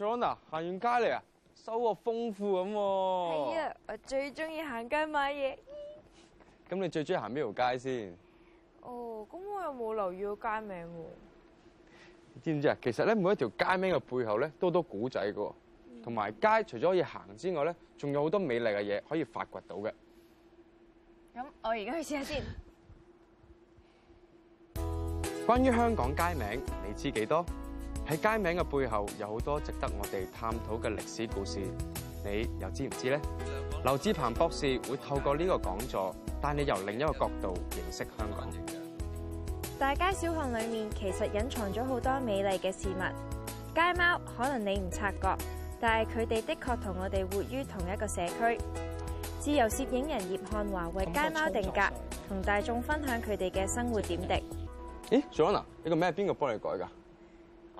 阿 John 啊，行完街嚟啊，收穫豐富咁。係啊，我最中意行街買嘢。咁你最中意行邊條街先？哦，咁我又冇留意個街名喎。你知唔知啊？其實咧，每一條街名嘅背後咧，都好多古仔噶，同埋街除咗可以行之外咧，仲有好多美麗嘅嘢可以發掘到嘅。咁我而家去試下先。關於香港街名，你知幾多？喺街名嘅背後有好多值得我哋探討嘅歷史故事，你又知唔知咧？劉志鵬博士會透過呢個講座帶你由另一個角度認識香港。大街小巷裏面其實隱藏咗好多美麗嘅事物，街貓可能你唔察覺，但係佢哋的確同我哋活於同一個社區。自由攝影人葉漢華為街貓定格，同大眾分享佢哋嘅生活點滴。咦 s o n a 你個名係邊個幫你改噶？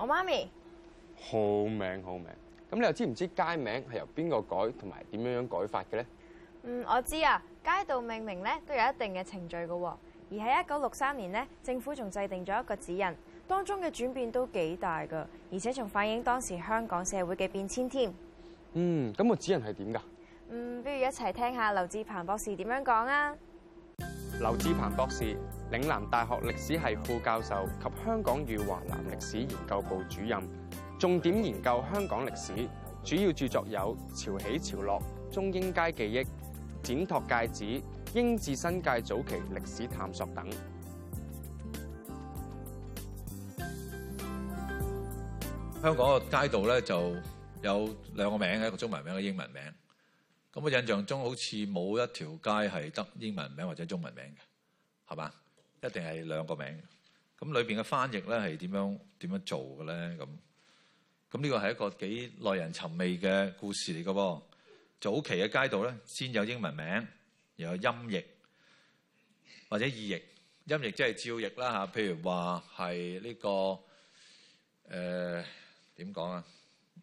我媽咪，好名好名。咁你又知唔知道街名係由邊個改，同埋點樣樣改法嘅咧？嗯，我知啊。街道命名咧都有一定嘅程序噶，而喺一九六三年咧，政府仲制定咗一個指引，當中嘅轉變都幾大噶，而且仲反映當時香港社會嘅變遷添。嗯，咁個指引係點噶？嗯，不如一齊聽下劉智鵬博士點樣講啊。劉智鵬博士。嶺南大學歷史系副教授及香港與華南歷史研究部主任，重點研究香港歷史，主要著作有《潮起潮落》《中英街記憶》《展拓界址》、《英治新界早期歷史探索》等。香港嘅街道咧就有兩個名，一個中文名，一個，一個英文名。咁我印象中好似冇一條街係得英文名或者中文名嘅，係嘛？一定係兩個名，咁裏邊嘅翻譯咧係點樣點樣做嘅咧？咁咁呢個係一個幾耐人尋味嘅故事嚟嘅噃。早期嘅街道咧先有英文名，又有音譯或者意譯，音譯即係照譯啦吓，譬如話係呢個誒點講啊，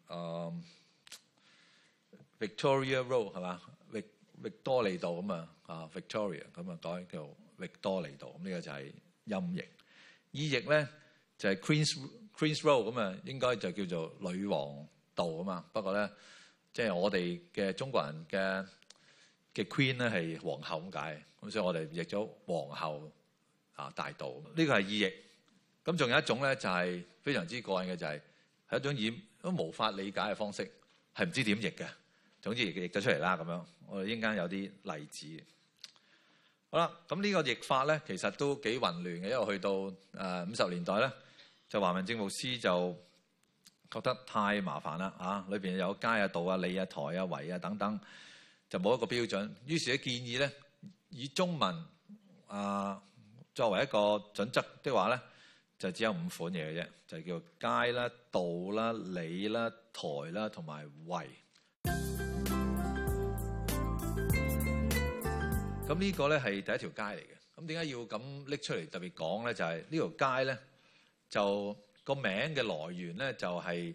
嗯、呃、，Victoria Road 係嘛，域域多利道咁啊，啊 Victoria 咁啊，講叫度。域多利道，咁、這、呢個就係音譯。意譯咧就係、是、Queen's Queen's Road，咁啊應該就叫做女王道啊嘛。不過咧，即、就、係、是、我哋嘅中國人嘅嘅 Queen 咧係皇后咁解，咁所以我哋譯咗皇后啊大道。呢、這個係意譯。咁仲有一種咧就係非常之怪嘅，就係、是、係一種以都無法理解嘅方式，係唔知點譯嘅。總之譯咗出嚟啦咁樣。我哋一陣間有啲例子。好啦，咁、這、呢個譯法咧，其實都幾混亂嘅，因為去到誒五十年代咧，就華文政務司就覺得太麻煩啦，啊，裏邊有街啊、道啊、里啊、台啊、圍啊等等，就冇一個標準。於是咧建議咧，以中文啊作為一個準則的話咧，就只有五款嘢嘅啫，就叫街啦、啊、道啦、啊、里啦、啊、台啦同埋圍。咁呢個咧係第一條街嚟嘅。咁點解要咁拎出嚟特別講咧？就係、是、呢條街咧，就個名嘅來源咧，就係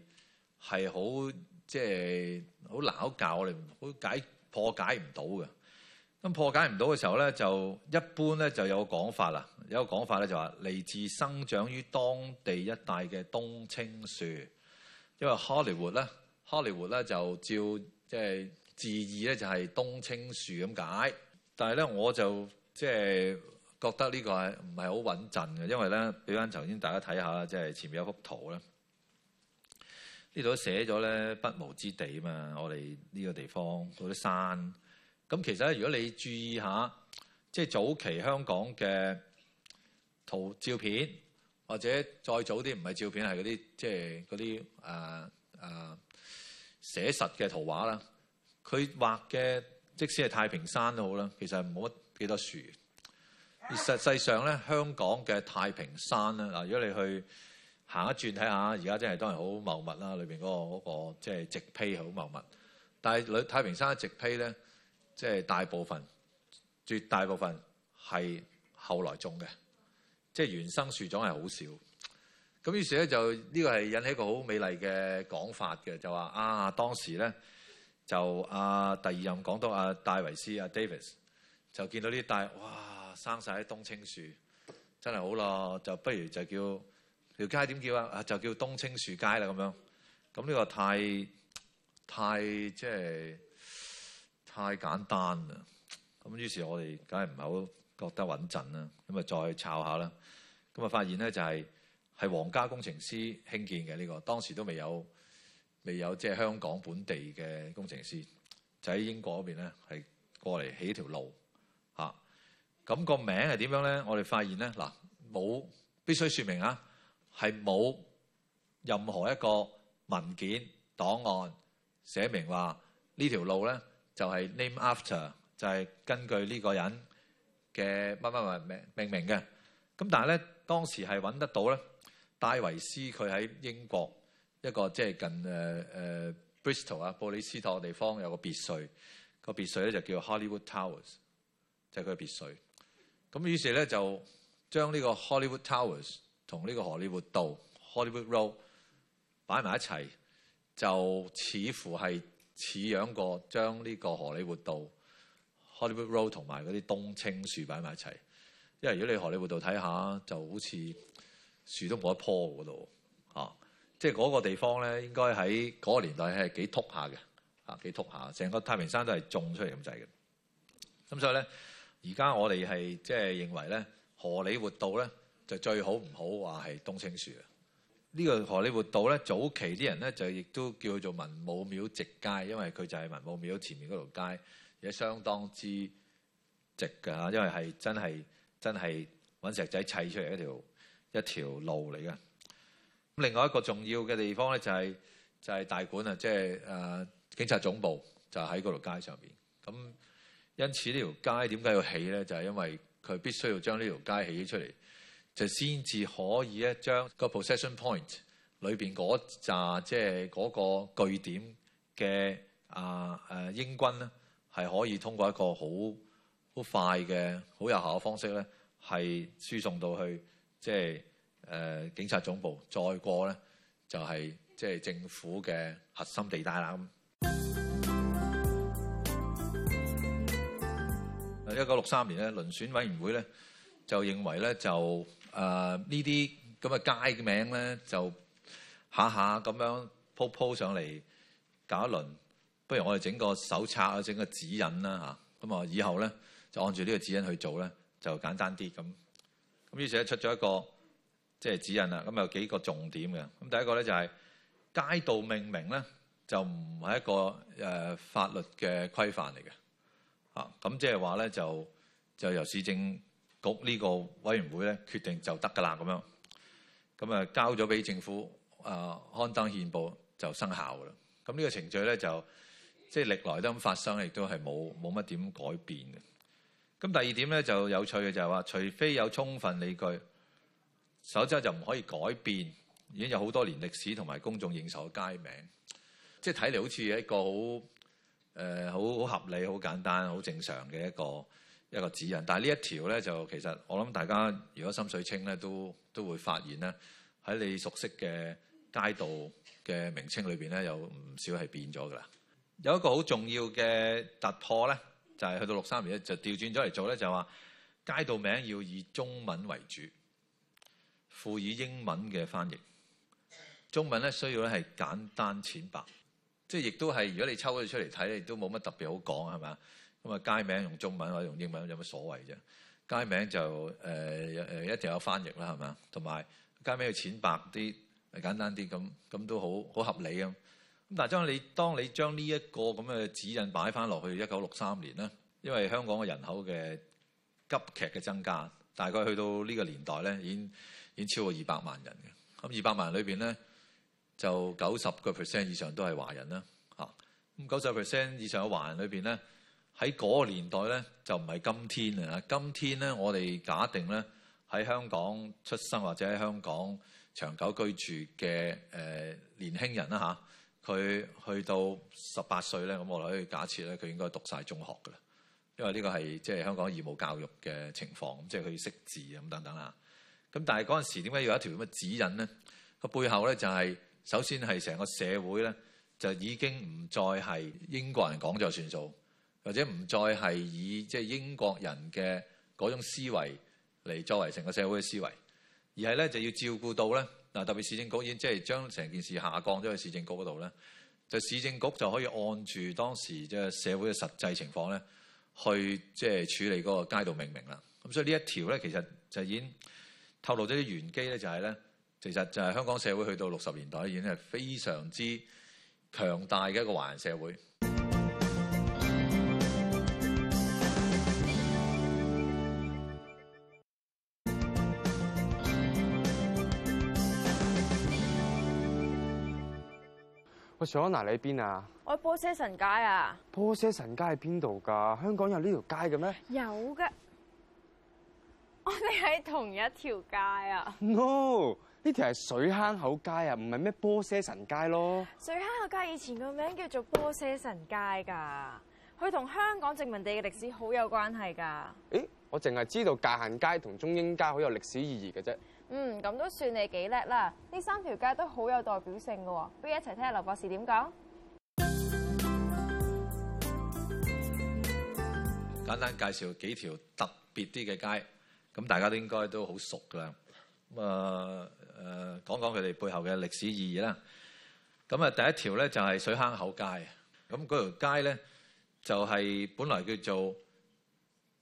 係好即係好難好教我哋好解破解唔到嘅。咁破解唔到嘅時候咧，就一般咧就有個講法啦。有個講法咧就話、是、嚟自生長於當地一帶嘅冬青樹，因為 Hollywood 咧，Hollywood 咧就照即係、就是、字義咧就係冬青樹咁解。但係咧，我就即係覺得呢個係唔係好穩陣嘅，因為咧，俾翻頭先大家睇下啦，即係前面有幅圖咧，呢度寫咗咧不毛之地啊嘛，我哋呢個地方嗰啲山，咁其實咧，如果你注意下，即係早期香港嘅圖照片，或者再早啲唔係照片，係嗰啲即係嗰啲誒誒寫實嘅圖畫啦，佢畫嘅。即使係太平山都好啦，其實冇乜幾多樹。而實際上咧，香港嘅太平山啦，嗱，如果你去行一轉睇下，而家真係當然好茂密啦，裏邊嗰個嗰、嗰個即係植被係好茂密。但係太平山嘅植被咧，即、就、係、係、大部分、絕大部分係後來種嘅，即、就、係、係、原生樹種係好少。咁於是咧就呢、呢個係引起一個好美麗嘅講法嘅，就話啊當時咧。就阿第二任港督阿戴維斯阿 Davis 就見到啲大哇生晒喺冬青樹真係好咯，就不如就叫條街點叫啊？就叫冬青樹街啦咁樣，咁呢個太太即係太簡單啦。咁於是，我哋梗係唔係好覺得穩陣啦。咁啊，再抄下啦。咁啊，發現咧就係係皇家工程師興建嘅呢個當時都未有。未有即係香港本地嘅工程師就喺英國嗰邊咧，係過嚟起條路吓，咁、啊，那個名係點樣咧？我哋發現咧，嗱、啊，冇必須說明啊，係冇任何一個文件檔案寫明話呢條路咧就係、是、name after，就係根據呢個人嘅乜乜乜命命名嘅。咁但係咧，當時係揾得到咧，戴維斯佢喺英國。一個即係近誒誒、uh, uh, Bristol 啊，布里斯托嘅地方有個別墅，個別墅咧就叫 Hollywood Towers，就係佢嘅別墅。咁於是咧就將呢個 Hollywood Towers 同呢個荷里活道 Hollywood Road 擺埋一齊，就似乎係似樣過將呢個荷里活道 Hollywood Road 同埋嗰啲冬青樹擺埋一齊。因為如果你荷里活道睇下，就好似樹都冇一樖喎嗰度嚇。啊即係嗰個地方咧，應該喺嗰個年代係幾篤下嘅，嚇幾篤下，成個太平山都係種出嚟咁滯嘅。咁所以咧，而家我哋係即係認為咧，荷里活道咧就最好唔好話係冬青樹啊。呢個荷里活道咧，早期啲人咧就亦都叫做文武廟直街，因為佢就係文武廟前面嗰條街，而且相當之直㗎，因為係真係真係揾石仔砌出嚟一條一條路嚟㗎。另外一個重要嘅地方咧，就係就係大館啊，即係誒警察總部就喺嗰條街上面。咁因此呢條街點解要起咧？就係、是、因為佢必須要將呢條街起咗出嚟，就先至可以咧將個 Possession Point 裏邊嗰扎即係嗰個據點嘅啊誒英軍咧，係可以通過一個好好快嘅好有效嘅方式咧，係輸送到去即係。就是誒警察總部，再過咧就係即係政府嘅核心地帶啦。咁一九六三年咧，輪選委員會咧就認為咧就誒呢啲咁嘅街嘅名咧就下下咁樣鋪鋪上嚟搞一輪，不如我哋整個手冊啊，整個指引啦嚇。咁啊以後咧就按住呢個指引去做咧，就簡單啲咁。咁於是咧出咗一個。即係指引啦，咁有幾個重點嘅。咁第一個咧就係街道命名咧，就唔係一個誒法律嘅規範嚟嘅。嚇，咁即係話咧就就由市政局呢個委員會咧決定就得㗎啦，咁樣。咁啊交咗俾政府啊、呃、刊登憲報就生效㗎啦。咁呢個程序咧就即係歷來都咁發生，亦都係冇冇乜點改變嘅。咁第二點咧就有趣嘅就係話，除非有充分理據。首先就唔可以改變，已經有好多年歷史同埋公眾認受嘅街名，即係睇嚟好似一個好誒好好合理、好簡單、好正常嘅一個一個指引。但係呢一條呢，就其實我諗大家如果心水清呢，都都會發現咧喺你熟悉嘅街道嘅名稱裏邊呢，有唔少係變咗㗎啦。有一個好重要嘅突破呢，就係去到六三年咧就調轉咗嚟做呢，就話街道名要以中文為主。附以英文嘅翻譯，中文咧需要咧係簡單淺白，即係亦都係。如果你抽咗出嚟睇咧，都冇乜特別好講係嘛？咁啊，街名用中文或者用英文有乜所謂啫？街名就誒誒、呃呃、一定有翻譯啦係嘛？同埋街名要淺白啲、簡單啲咁，咁都好好合理啊！咁但係將你當你將呢一個咁嘅指引擺翻落去一九六三年啦，因為香港嘅人口嘅急劇嘅增加，大概去到呢個年代咧已經。已經超過二百萬人嘅，咁二百萬人裏邊咧，就九十個 percent 以上都係華人啦，嚇。咁九十 percent 以上嘅華人裏邊咧，喺嗰個年代咧就唔係今天啊，今天咧我哋假定咧喺香港出生或者喺香港長久居住嘅誒、呃、年輕人啦嚇，佢去到十八歲咧，咁我哋可以假設咧佢應該讀晒中學㗎喇，因為呢個係即係香港義務教育嘅情況，即係佢識字啊咁等等啦。咁但係嗰陣時點解要有一條咁嘅指引咧？個背後咧就係首先係成個社會咧就已經唔再係英國人講就算數，或者唔再係以即係英國人嘅嗰種思維嚟作為成個社會嘅思維，而係咧就要照顧到咧嗱，特別市政局已經即係將成件事下降咗去市政局嗰度咧，就市政局就可以按住當時即係社會嘅實際情況咧去即係處理嗰個街道命名啦。咁所以呢一條咧其實就已經。透露咗啲玄機咧，就係、是、咧，其實就係香港社會去到六十年代已經係非常之強大嘅一個華人社會喂。喂，小安娜，你喺邊啊？我喺波車神街啊。波車神街喺邊度㗎？香港有呢條街嘅咩？有嘅。我哋喺同一條街啊！No，呢條係水坑口街啊，唔係咩波些神街咯。水坑口街以前個名叫做波些神街噶，佢同香港殖民地嘅歷史好有關係噶。誒、欸，我淨係知道界限街同中英街好有歷史意義嘅啫。嗯，咁都算你幾叻啦！呢三條街都好有代表性噶，不如一齊聽下劉博士點講。簡單介紹幾條特別啲嘅街。咁大家都應該都好熟㗎啦。咁、呃、啊、呃、講講佢哋背後嘅歷史意義啦。咁啊，第一條咧就係水坑口街。咁嗰條街咧就係本來叫做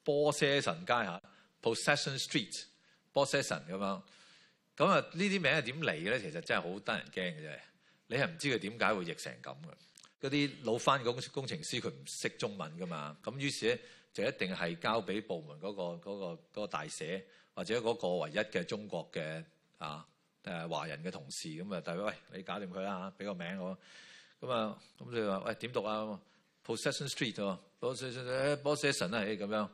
波些神街吓 Possession Street，波些神咁樣。咁啊，呢啲名係點嚟嘅咧？其實真係好得人驚嘅啫。你係唔知佢點解會譯成咁嘅。嗰啲老番嘅工工程師佢唔識中文㗎嘛。咁於是咧。就一定係交俾部門嗰個嗰個嗰個大社，或者嗰個唯一嘅中國嘅啊誒華人嘅同事咁啊，代表，喂，你搞掂佢啦嚇，俾個名我咁啊。咁佢話喂，點讀啊？Possession Street 喎，Possession 誒咁樣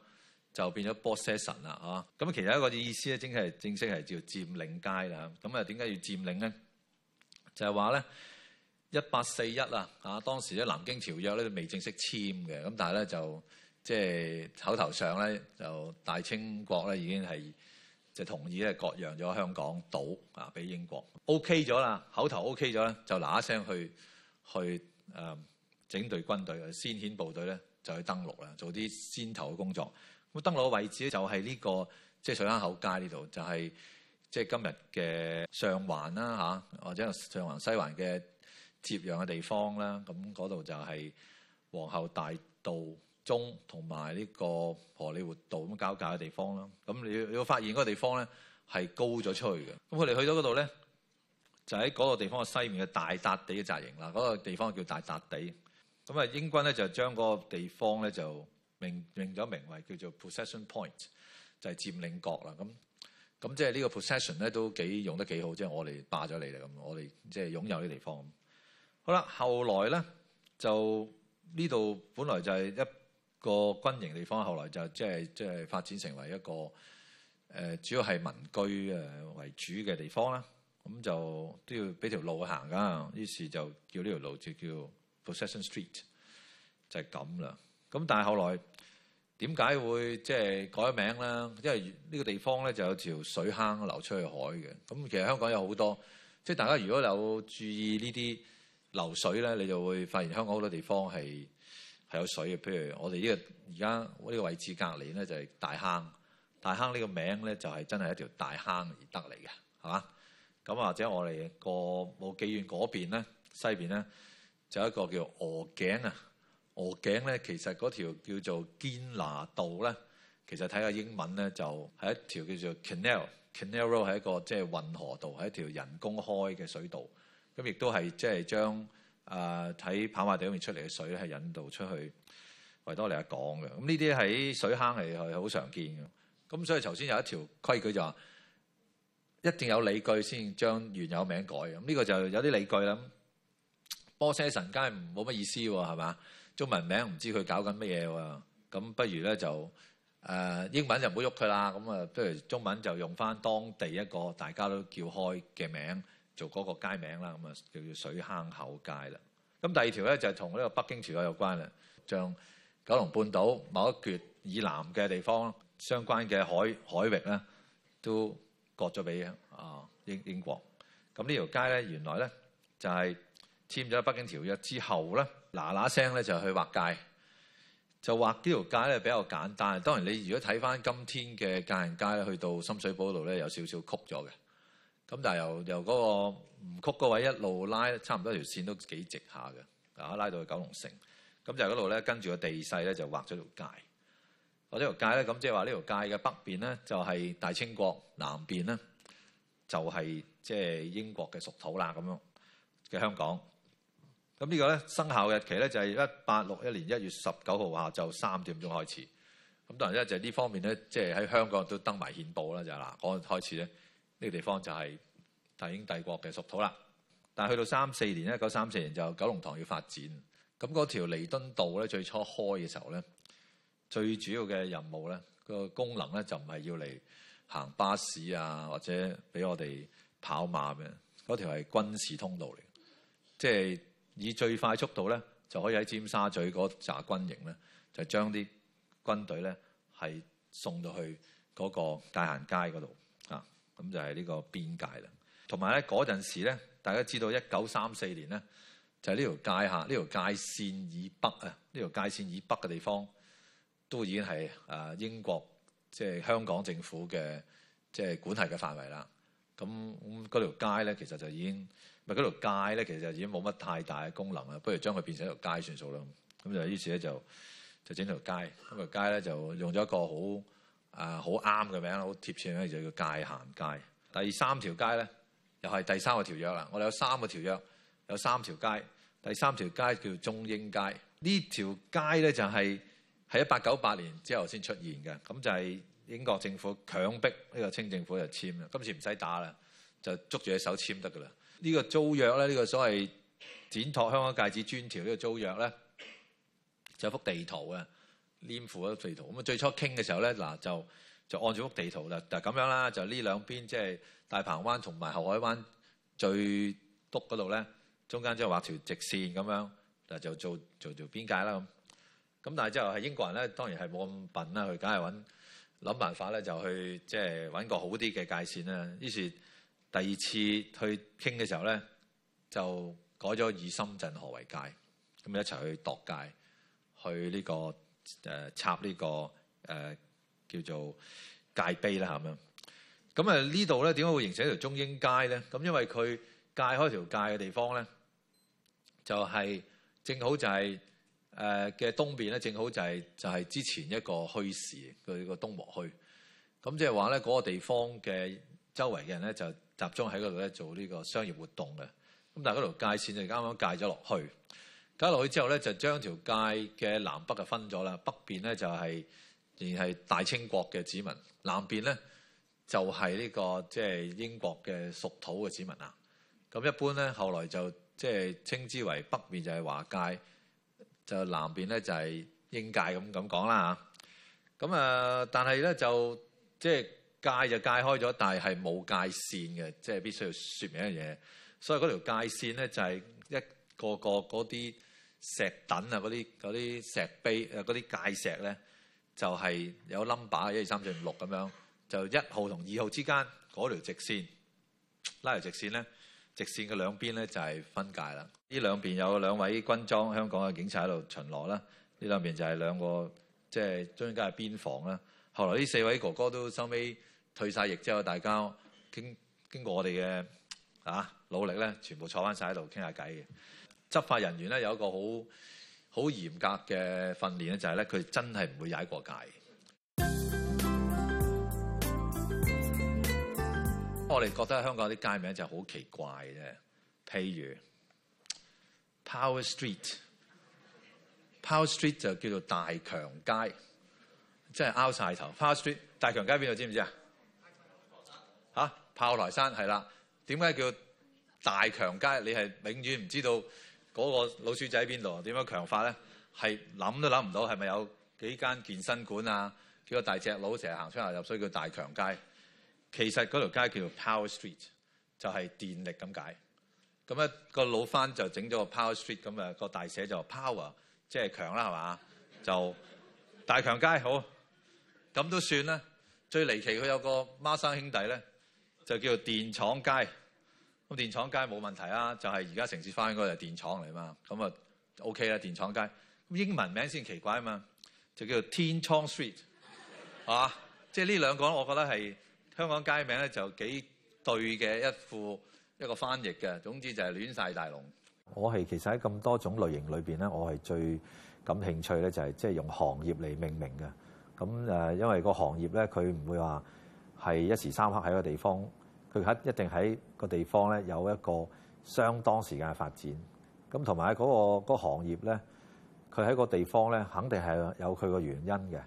就變咗 Possession 啦。咁其實一個意思咧，正式係正式係叫佔領街啦。咁啊，點解要佔領咧？就係話咧一八四一啊啊，當時咧南京條約咧都未正式簽嘅，咁但係咧就。即係口頭上咧，就大清國咧已經係就同意咧，割讓咗香港島啊，俾英國 O K 咗啦。口頭 O K 咗咧，就嗱嗱聲去去誒整隊軍隊先遣部隊咧，就去登陸啦，做啲先頭嘅工作。咁登陸嘅位置就係呢個即係水坑口街呢度，就係即係今日嘅上環啦嚇，或者上環西環嘅接壤嘅地方啦。咁嗰度就係皇后大道中同埋呢個荷里活道咁交界嘅地方啦。咁你要發現嗰個地方咧係高咗出去嘅。咁我哋去到嗰度咧，就喺嗰個地方嘅西面嘅大笪地嘅紮營啦。嗰、那個地方叫大笪地。咁啊，英軍咧就將嗰個地方咧就命名咗名、名為叫做 Possession Point，就係佔領角啦。咁咁即係呢個 Possession 咧都幾用得幾好，即、就、係、是、我哋霸咗你哋咁，我哋即係擁有啲地方。好啦，後來咧就呢度本來就係一。這個軍營地方，後來就即係即係發展成為一個誒，主要係民居誒為主嘅地方啦。咁就都要俾條路行噶，於是就叫呢條路就叫 Possession Street，就係咁啦。咁但係後來點解會即係改咗名咧？因為呢個地方咧就有條水坑流出去海嘅。咁其實香港有好多，即係大家如果有注意呢啲流水咧，你就會發現香港好多地方係。係有水嘅，譬如我哋依個而家呢個位置隔離咧，就係大坑。大坑呢個名咧，就係真係一條大坑而得嚟嘅，係嘛？咁或者我哋過冇幾遠嗰邊咧，西邊咧，就有一個叫鵝頸啊。鵝頸咧，其實嗰條叫做堅拿道咧，其實睇下英文咧，就係一條叫做 Canal Canal Road，係一個即係運河道，係一條人工開嘅水道。咁亦都係即係將。啊、呃！睇跑馬地入面出嚟嘅水係引導出去維多利亞港嘅，咁呢啲喺水坑係係好常見嘅。咁所以頭先有一條規矩就話、是，一定有理據先將原有名改嘅。咁呢個就有啲理據啦。波西頓街冇乜意思喎，係嘛？中文名唔知佢搞緊乜嘢喎。咁不如咧就誒、呃、英文就唔好喐佢啦。咁啊不如中文就用翻當地一個大家都叫開嘅名。做嗰個街名啦，咁啊叫做水坑口街啦。咁第二條咧就係同呢個北京條約有關啦，將九龍半島某一橛以南嘅地方相關嘅海海域咧都割咗俾啊英英國。咁呢條街咧原來咧就係簽咗北京條約之後咧嗱嗱聲咧就去劃界，就劃呢條街咧比較簡單。當然你如果睇翻今天嘅界限街咧，去到深水埗度咧有少少曲咗嘅。咁但係由由嗰個唔曲嗰位置一路拉，差唔多條線都幾直下嘅，嗱拉到去九龍城。咁就喺度咧，跟住個地勢咧，就畫咗條界。嗰條界咧，咁即係話呢條界嘅北邊咧就係大清國，南邊咧就係即係英國嘅屬土啦，咁樣嘅香港。咁呢個咧生效的日期咧就係一八六一年一月十九號下晝三點鐘開始。咁當然咧就係呢方面咧，即係喺香港都登埋憲報啦，就係嗱嗰陣開始咧。呢、這個地方就係大英帝國嘅屬土啦。但係去到三四年，一九三四年就九龍塘要發展。咁嗰條彌敦道咧，最初開嘅時候咧，最主要嘅任務咧，個功能咧就唔係要嚟行巴士啊，或者俾我哋跑馬嘅。嗰條係軍事通道嚟，即係以最快速度咧，就可以喺尖沙咀嗰紮軍營咧，就將啲軍隊咧係送到去嗰個大行街嗰度。咁就係呢個邊界啦。同埋咧，嗰陣時咧，大家知道一九三四年咧，就係呢條街下，呢條界線以北啊，呢條界線以北嘅地方都已經係啊英國即係、就是、香港政府嘅即係管轄嘅範圍啦。咁咁嗰條街咧，其實就已經咪嗰條街咧，其實就已經冇乜太大嘅功能啦。不如將佢變成一條街算數啦。咁就於是咧就就整條街，咁條街咧就用咗一個好。啊，好啱嘅名，好貼切咧，就叫界限街，街。第三條街咧，又係第三個條約啦。我哋有三個條約，有三條街。第三條街叫中英街。這條街呢條街咧就係喺一八九八年之後先出現嘅。咁就係英國政府強迫呢個清政府就簽啦。今次唔使打啦，就捉住隻手簽得噶啦。呢、這個租約咧，呢、這個所謂展拓香港界址專條呢個租約咧，就有、是、幅地圖啊。黏附嗰地圖咁啊！最初傾嘅時候咧，嗱就就按住幅地圖啦，嗱咁樣啦，就呢兩邊即係大鵬灣同埋後海灣最篤嗰度咧，中間即係畫條直線咁樣，嗱就做做條邊界啦。咁咁但係之後係英國人咧，當然係冇咁笨啦，佢梗係揾諗辦法咧，就去即係揾個好啲嘅界線啦。於是第二次去傾嘅時候咧，就改咗以深圳河為界，咁一齊去度界去呢個。誒插呢、這個誒、呃、叫做界碑啦，咁樣。咁啊呢度咧，點解會形成一條中英街咧？咁因為佢界開條界嘅地方咧，就係、是、正好就係誒嘅東邊咧，正好就係、是、就係、是、之前一個墟市，佢、這個東和墟。咁即係話咧，嗰、那個地方嘅周圍嘅人咧，就集中喺嗰度咧做呢個商業活動嘅。咁但係嗰條界線就啱啱界咗落去。加落去之後咧，就將條界嘅南北就分咗啦。北邊咧就係仍然係大清國嘅子民，南邊咧就係、是、呢、這個即係、就是、英國嘅屬土嘅子民啊。咁一般咧，後來就即係、就是、稱之為北面，就係華界，就南邊咧就係、是、英界咁，咁講啦嚇。咁啊、呃，但係咧就即係、就是、界就界開咗，但係係冇界線嘅，即、就、係、是、必須要説明一樣嘢。所以嗰條界線咧就係、是、一個個嗰啲。石凳啊，嗰啲啲石碑啊，嗰啲界石咧，就係有 number 一二三四五六咁樣，就一號同二號之間嗰條直線，拉條直線咧，直線嘅兩邊咧就係分界啦。呢兩邊有兩位軍裝香港嘅警察喺度巡邏啦，呢兩邊就係兩個即係中間嘅邊防啦。後來呢四位哥哥都收尾退晒役之後，大家經經過我哋嘅啊努力咧，全部坐翻晒喺度傾下偈嘅。執法人員咧有一個好好嚴格嘅訓練咧，就係咧佢真係唔會踩過界。我哋覺得香港啲街名就好奇怪啫，譬如 Power Street，Power Street 就叫做大強街，真係拗晒頭。Power Street 大強街邊度知唔知啊？嚇，炮台山係啦。點解叫大強街？你係永遠唔知道。嗰個老鼠仔喺邊度？點樣強化咧？係諗都諗唔到，係咪有幾間健身館啊？幾個大隻佬成日行出行入，所以叫大強街。其實嗰條街叫做 Power Street，就係電力咁解。咁咧個老番就整咗個 Power Street，咁誒個大寫就 Power，即係強啦，係嘛？就大強街。好，咁都算啦。最離奇佢有個孖生兄弟咧，就叫做電廠街。咁電廠街冇問題啊，就係而家城市翻譯應該係電廠嚟嘛，咁啊 OK 啦，電廠街。咁英文名先奇怪啊嘛，就叫做天窗 Street，係即係呢兩個，我覺得係香港街名咧就幾對嘅一副一個翻譯嘅。總之就係亂晒大龍。我係其實喺咁多種類型裏邊咧，我係最感興趣咧就係即係用行業嚟命名嘅。咁誒、呃，因為個行業咧佢唔會話係一時三刻喺個地方。佢一定喺個地方咧有一個相當時間嘅發展，咁同埋嗰個嗰個行業咧，佢喺個地方咧肯定係有佢個原因嘅，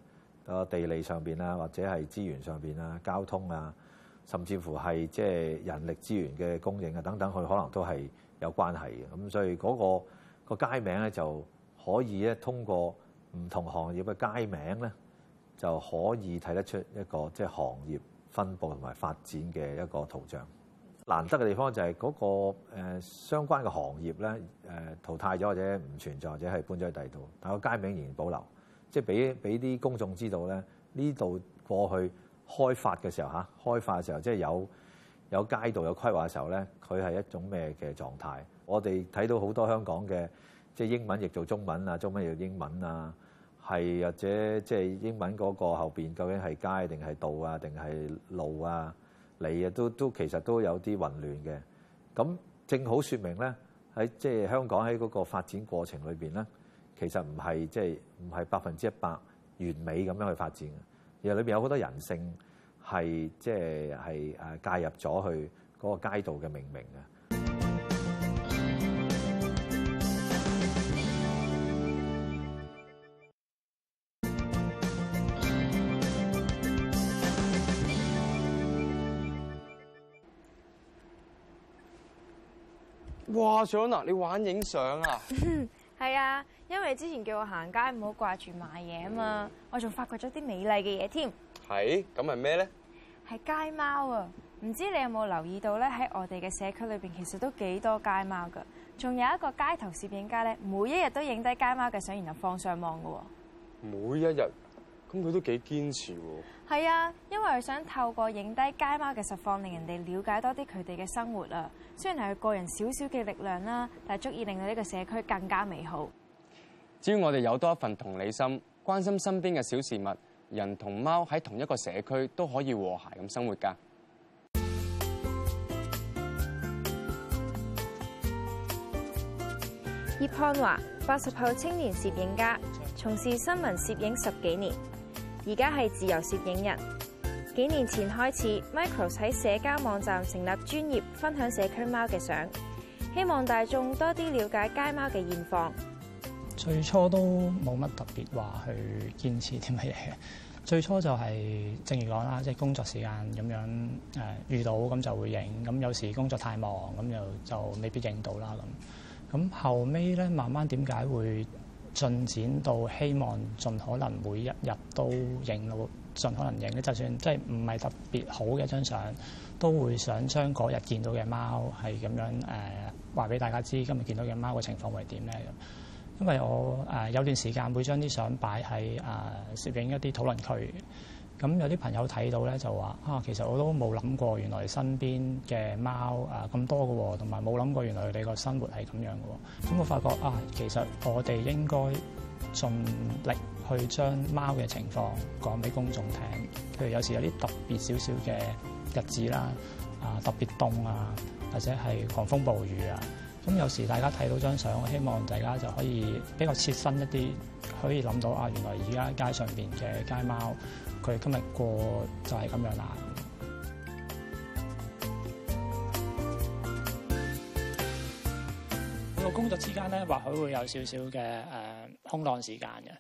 啊地理上邊啊，或者係資源上邊啊、交通啊，甚至乎係即係人力資源嘅供應啊等等，佢可能都係有關係嘅。咁所以嗰個嗰個街名咧就可以咧通過唔同行業嘅街名咧就可以睇得出一個即係行業。分佈同埋發展嘅一個圖像。難得嘅地方就係嗰個相關嘅行業咧誒，淘汰咗或者唔存在，或者係搬咗去第二度，但個街名仍然保留就是給，即係俾，俾啲公眾知道咧，呢度過去開發嘅時候嚇、啊，開發嘅時候即係、就是、有有街道有規劃嘅時候咧，佢係一種咩嘅狀態？我哋睇到好多香港嘅即係英文譯做中文啊，中文譯英文啊。係或者即係英文嗰個後邊究竟係街定係道啊，定係路啊、嚟啊，都都其實都有啲混亂嘅。咁正好說明咧，喺即係香港喺嗰個發展過程裏邊咧，其實唔係即係唔係百分之一百完美咁樣去發展嘅，而係裏邊有好多人性係即係係誒介入咗去嗰個街道嘅命名嘅。哇，長嗱，你玩影相啊？係 啊，因為之前叫我行街唔好掛住買嘢啊嘛，嗯、我仲發掘咗啲美麗嘅嘢添。係，咁係咩咧？係街貓啊！唔知道你有冇留意到咧？喺我哋嘅社區裏邊，其實都幾多街貓噶。仲有一個街頭攝影家咧，每一日都影低街貓嘅相，然後放上網噶、啊。每一日。咁佢都幾堅持喎。係啊，因為佢想透過影低街貓嘅實況，令人哋了解多啲佢哋嘅生活啊。雖然係佢個人少少嘅力量啦，但係足以令到呢個社區更加美好。只要我哋有多一份同理心，關心身邊嘅小事物，人同貓喺同一個社區都可以和諧咁生活㗎。葉漢華，八十後青年攝影家，從事新聞攝影十幾年。而家係自由攝影人。幾年前開始，Michael 喺社交網站成立專頁分享社區貓嘅相，希望大眾多啲了解街貓嘅現況。最初都冇乜特別話去堅持啲乜嘢。最初就係、是、正如講啦，即係工作時間咁樣誒、呃、遇到咁就會影。咁有時工作太忙咁又就，就未必影到啦。咁咁後尾咧慢慢點解會？進展到希望盡可能每一日都影到，盡可能影。就算即係唔係特別好嘅一張相，都會想將嗰日見到嘅貓係咁樣誒話俾大家知，今日見到嘅貓嘅情況係點咧。因為我誒有段時間會將啲相擺喺誒攝影一啲討論區。咁有啲朋友睇到咧就話啊，其實我都冇諗過，原來身邊嘅貓啊咁多嘅喎，同埋冇諗過原來佢哋個生活係咁樣嘅喎。咁我發覺啊，其實我哋應該盡力去將貓嘅情況講俾公眾聽。譬如有時有啲特別少少嘅日子啦，啊特別凍啊，或者係狂風暴雨啊。咁有時大家睇到張相，我希望大家就可以比較切身一啲，可以諗到啊，原來而家街上邊嘅街貓，佢今日過就係咁樣啦。我、呢個、工作之間咧，或許會有少少嘅誒空檔時間嘅。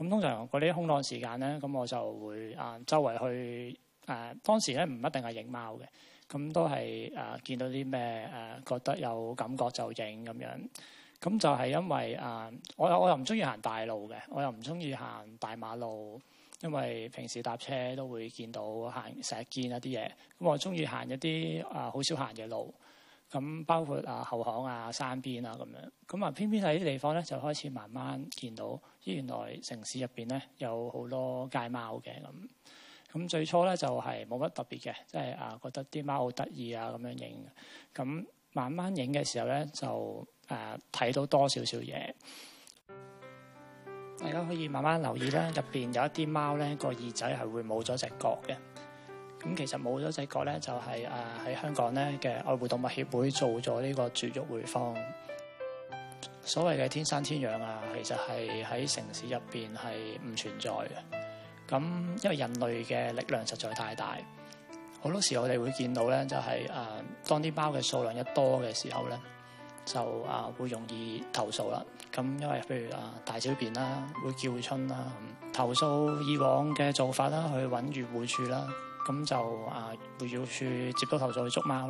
咁通常嗰啲空檔時間咧，咁我就會啊、呃、周圍去誒、呃，當時咧唔一定係影貓嘅。咁都係誒、啊、見到啲咩誒覺得有感覺就影咁樣，咁就係因為啊，我又我又唔中意行大路嘅，我又唔中意行大馬路，因為平時搭車都會見到行成日見一啲嘢，咁我中意行一啲誒好少行嘅路，咁包括啊後巷啊山邊啊咁樣，咁啊偏偏喺呢啲地方咧就開始慢慢見到，原來城市入面咧有好多街貓嘅咁。咁最初咧就係冇乜特別嘅，即係啊覺得啲貓好得意啊咁樣影。咁慢慢影嘅時候咧就誒、啊、睇到多少少嘢。 大家可以慢慢留意啦。入邊有一啲貓咧，個耳仔係會冇咗隻角嘅。咁其實冇咗隻角咧就係誒喺香港咧嘅愛護動物協會做咗呢個絕育回放。所謂嘅天生天養啊，其實係喺城市入邊係唔存在嘅。咁，因為人類嘅力量實在太大，好多時我哋會見到咧，就係、是、誒、呃、當啲貓嘅數量一多嘅時候咧，就啊、呃、會容易投訴啦。咁因為譬如啊、呃、大小便啦，會叫春啦、嗯，投訴以往嘅做法啦，去揾漁護處啦，咁就啊、呃、漁護處接到投訴去捉貓。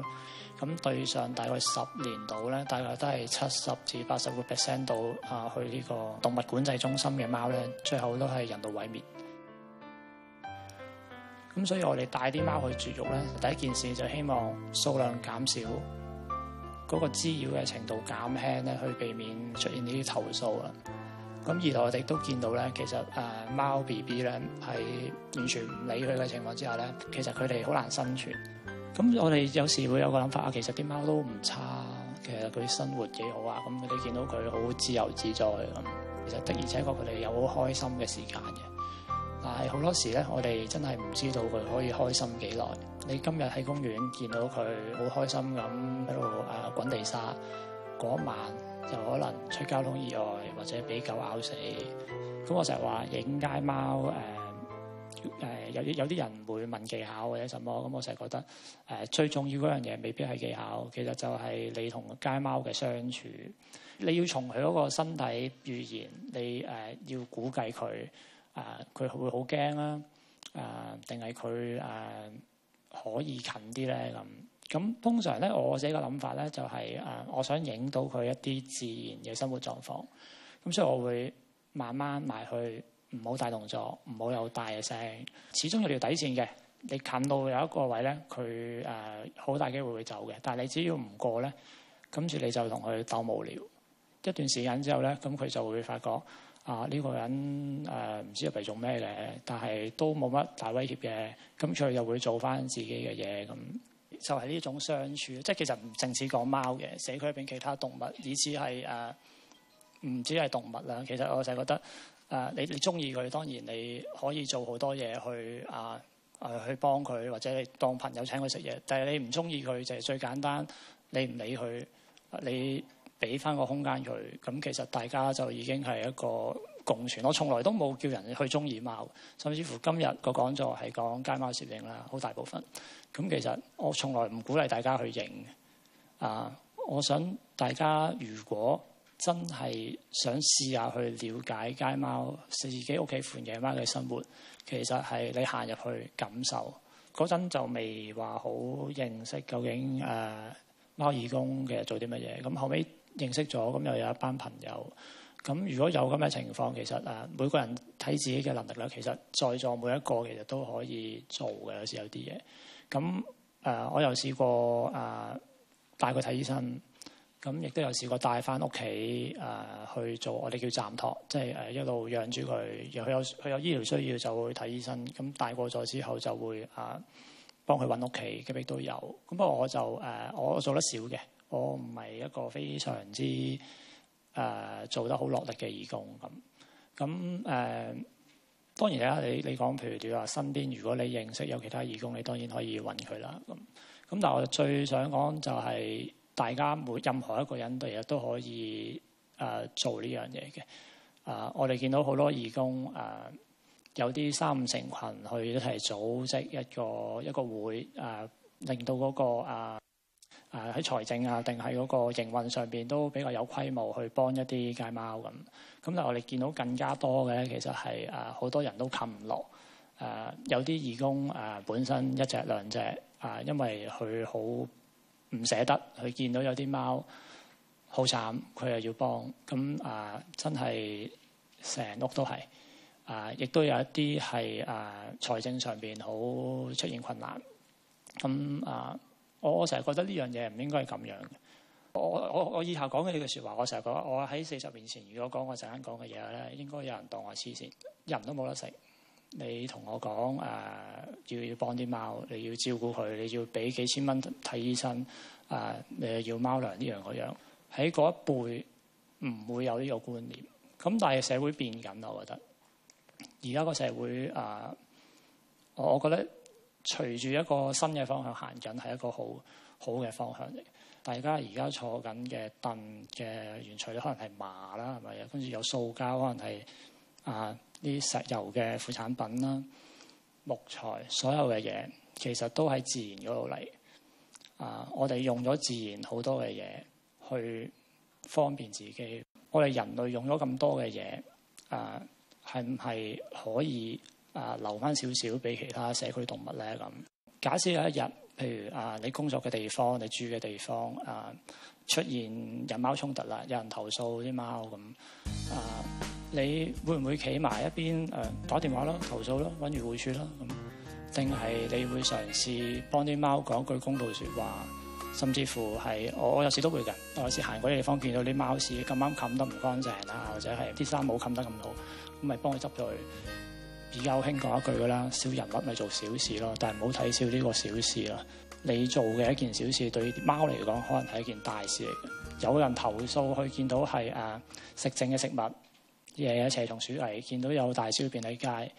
咁對上大概十年度咧，大概都係七十至八十個 percent 到啊去呢個動物管制中心嘅貓咧，最後都係人道毀滅。咁所以我哋帶啲貓去絕育咧，第一件事就希望數量減少，嗰個滋擾嘅程度減輕咧，去避免出現呢啲投訴啦。咁而我哋都見到咧，其實誒、呃、貓 B B 咧係完全唔理佢嘅情況之下咧，其實佢哋好難生存。咁我哋有時會有個諗法啊，其實啲貓都唔差，其實佢生活幾好啊。咁你見到佢好自由自在咁，其實的而且確佢哋有好開心嘅時間嘅。係好多時咧，我哋真係唔知道佢可以開心幾耐。你今日喺公園見到佢好開心咁喺度誒滾地沙，嗰晚就可能出交通意外或者俾狗咬死。咁我成日話影街貓誒誒、呃呃、有啲有啲人唔會問技巧或者什麼。咁我成日覺得誒、呃、最重要嗰樣嘢未必係技巧，其實就係你同街貓嘅相處。你要從佢嗰個身體語言，你誒、呃、要估計佢。誒、啊、佢會好驚啦，誒定係佢誒可以近啲咧咁。咁通常咧，我自己嘅諗法咧就係、是、誒、啊，我想影到佢一啲自然嘅生活狀況。咁所以，我會慢慢埋去，唔好大動作，唔好有大嘅聲。始終有條底線嘅，你近到有一個位咧，佢誒好大機會會走嘅。但係你只要唔過咧，咁住你就同佢鬥無聊一段時間之後咧，咁佢就會發覺。啊！呢、這個人誒唔、啊、知入嚟做咩嘅，但係都冇乜大威脅嘅，咁佢又會做翻自己嘅嘢，咁就係、是、呢種相處。即係其實唔淨止講貓嘅，社區入邊其他動物，以至係誒唔止係動物啦。其實我就覺得誒、啊，你你中意佢，當然你可以做好多嘢去啊誒、啊、去幫佢，或者你當朋友請佢食嘢。但係你唔中意佢，就係、是、最簡單，你唔理佢你。俾翻個空間佢，咁其實大家就已經係一個共存。我從來都冇叫人去鍾意貓，甚至乎今日個講座係講街貓攝影啦，好大部分。咁其實我從來唔鼓勵大家去影。啊，我想大家如果真係想試下去了解街貓，自己屋企闌嘅貓嘅生活，其實係你行入去感受嗰陣就未話好認識究竟誒貓、呃、義工其實做啲乜嘢。咁後尾。認識咗咁又有一班朋友，咁如果有咁嘅情況，其實誒每個人睇自己嘅能力啦。其實在座每一個其實都可以做嘅，有時有啲嘢。咁誒、呃，我又試過誒、呃、帶佢睇醫生，咁亦都有試過帶返屋企誒去做我哋叫暫托，即係誒一路養住佢。如果佢有佢有醫療需要，就會睇醫生。咁大個咗之後就會誒、呃、幫佢搵屋企，咁亦都有。咁不過我就誒、呃、我做得少嘅。我唔係一個非常之誒、呃、做得好落力嘅義工咁，咁誒、呃、當然啦，你你講譬如你話身邊如果你認識有其他義工，你當然可以揾佢啦咁。咁但係我最想講就係、是、大家每任何一個人對日都可以誒、呃、做呢樣嘢嘅。啊、呃，我哋見到好多義工誒、呃，有啲三五成群去一齊組織一個一個會誒、呃，令到嗰、那個啊～、呃誒喺財政啊，定係嗰個營運上邊都比較有規模去幫一啲街貓咁。咁但係我哋見到更加多嘅，其實係誒好多人都冚唔落。誒、啊、有啲義工誒、啊、本身一隻兩隻，啊因為佢好唔捨得，佢見到有啲貓好慘，佢又要幫。咁啊真係成屋都係。啊亦都有一啲係誒財政上邊好出現困難。咁啊～我我成日覺得呢樣嘢唔應該係咁樣。我我我我以後講嘅呢句説話，我成日覺得我喺四十年前如果講我陣間講嘅嘢咧，應該有人當我黐線，人都冇得食。你同我講誒、呃，要要幫啲貓，你要照顧佢，你要俾幾千蚊睇醫生，誒、呃，你要貓糧呢樣嗰樣，喺嗰一輩唔會有呢個觀念。咁但係社會變緊，我覺得而家個社會誒、呃，我我覺得。隨住一個新嘅方向行緊，係一個好好嘅方向嚟。大家而家坐緊嘅凳嘅原材料可能係麻啦，係咪啊？跟住有塑膠，可能係啊啲石油嘅副產品啦、木材，所有嘅嘢其實都喺自然嗰度嚟。啊、呃，我哋用咗自然好多嘅嘢去方便自己。我哋人類用咗咁多嘅嘢，啊、呃，係唔係可以？啊，留翻少少俾其他社區動物咧咁。假設有一日，譬如啊，你工作嘅地方、你住嘅地方啊，出現人貓衝突啦，有人投訴啲貓咁啊，你會唔會企埋一邊誒，打電話咯，投訴咯，揾漁護署咯咁？定係你會嘗試幫啲貓講句公道説話，甚至乎係我有時都會㗎。我有時行嗰啲地方見到啲貓屎咁啱冚得唔乾淨啊，或者係啲衫冇冚得咁好，咁咪幫佢執咗去。而家好興講一句噶啦，小人物咪做小事咯，但係唔好睇小呢個小事啊！你做嘅一件小事對貓嚟講，可能係一件大事嚟。有人投訴，去見到係誒、啊、食剩嘅食物，夜一蛇蟲鼠蟻，見到有大小便喺街。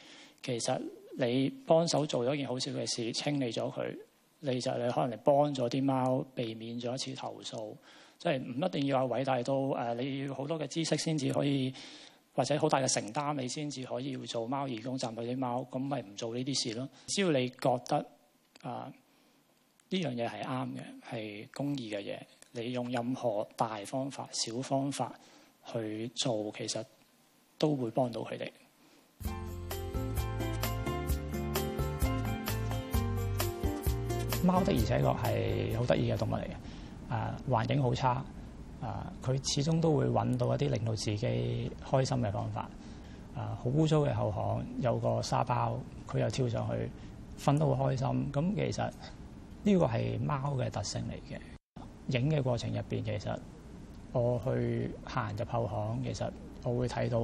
其實你幫手做咗一件好小嘅事，清理咗佢，你就你可能你幫咗啲貓避免咗一次投訴。即係唔一定要話偉大到誒、啊，你要好多嘅知識先至可以。或者好大嘅承擔，你先至可以做貓義工站，對啲貓，咁咪唔做呢啲事咯。只要你覺得啊呢樣嘢係啱嘅，係、這個、公義嘅嘢，你用任何大方法、小方法去做，其實都會幫到佢哋。貓的而且確係好得意嘅動物嚟嘅，誒、啊、環境好差。啊！佢始終都會揾到一啲令到自己開心嘅方法。啊！好污糟嘅後巷有個沙包，佢又跳上去，瞓得好開心。咁其實呢個係貓嘅特性嚟嘅。影嘅過程入邊，其實我去行入後巷，其實我會睇到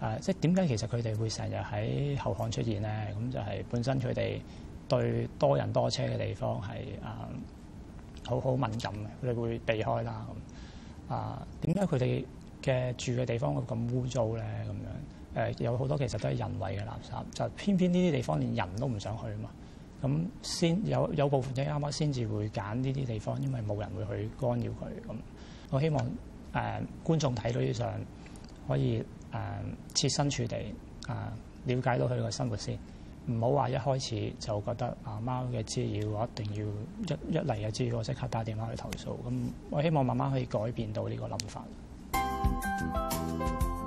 啊，即係點解其實佢哋會成日喺後巷出現咧？咁就係本身佢哋對多人多車嘅地方係啊好好敏感嘅，佢哋會避開啦。啊啊，點解佢哋嘅住嘅地方會咁污糟咧？咁樣誒、呃，有好多其實都係人為嘅垃圾，就偏偏呢啲地方連人都唔想去嘛。咁先有有部分仔啱啱先至會揀呢啲地方，因為冇人會去干擾佢。咁我希望誒、呃、觀眾睇到以上可以誒設、呃、身處地啊、呃，了解到佢嘅生活先。唔好話一開始就覺得阿貓嘅滋擾我一定要一一嚟嘅滋擾，我即刻打電話去投訴。咁我希望慢慢可以改變到呢個諗法。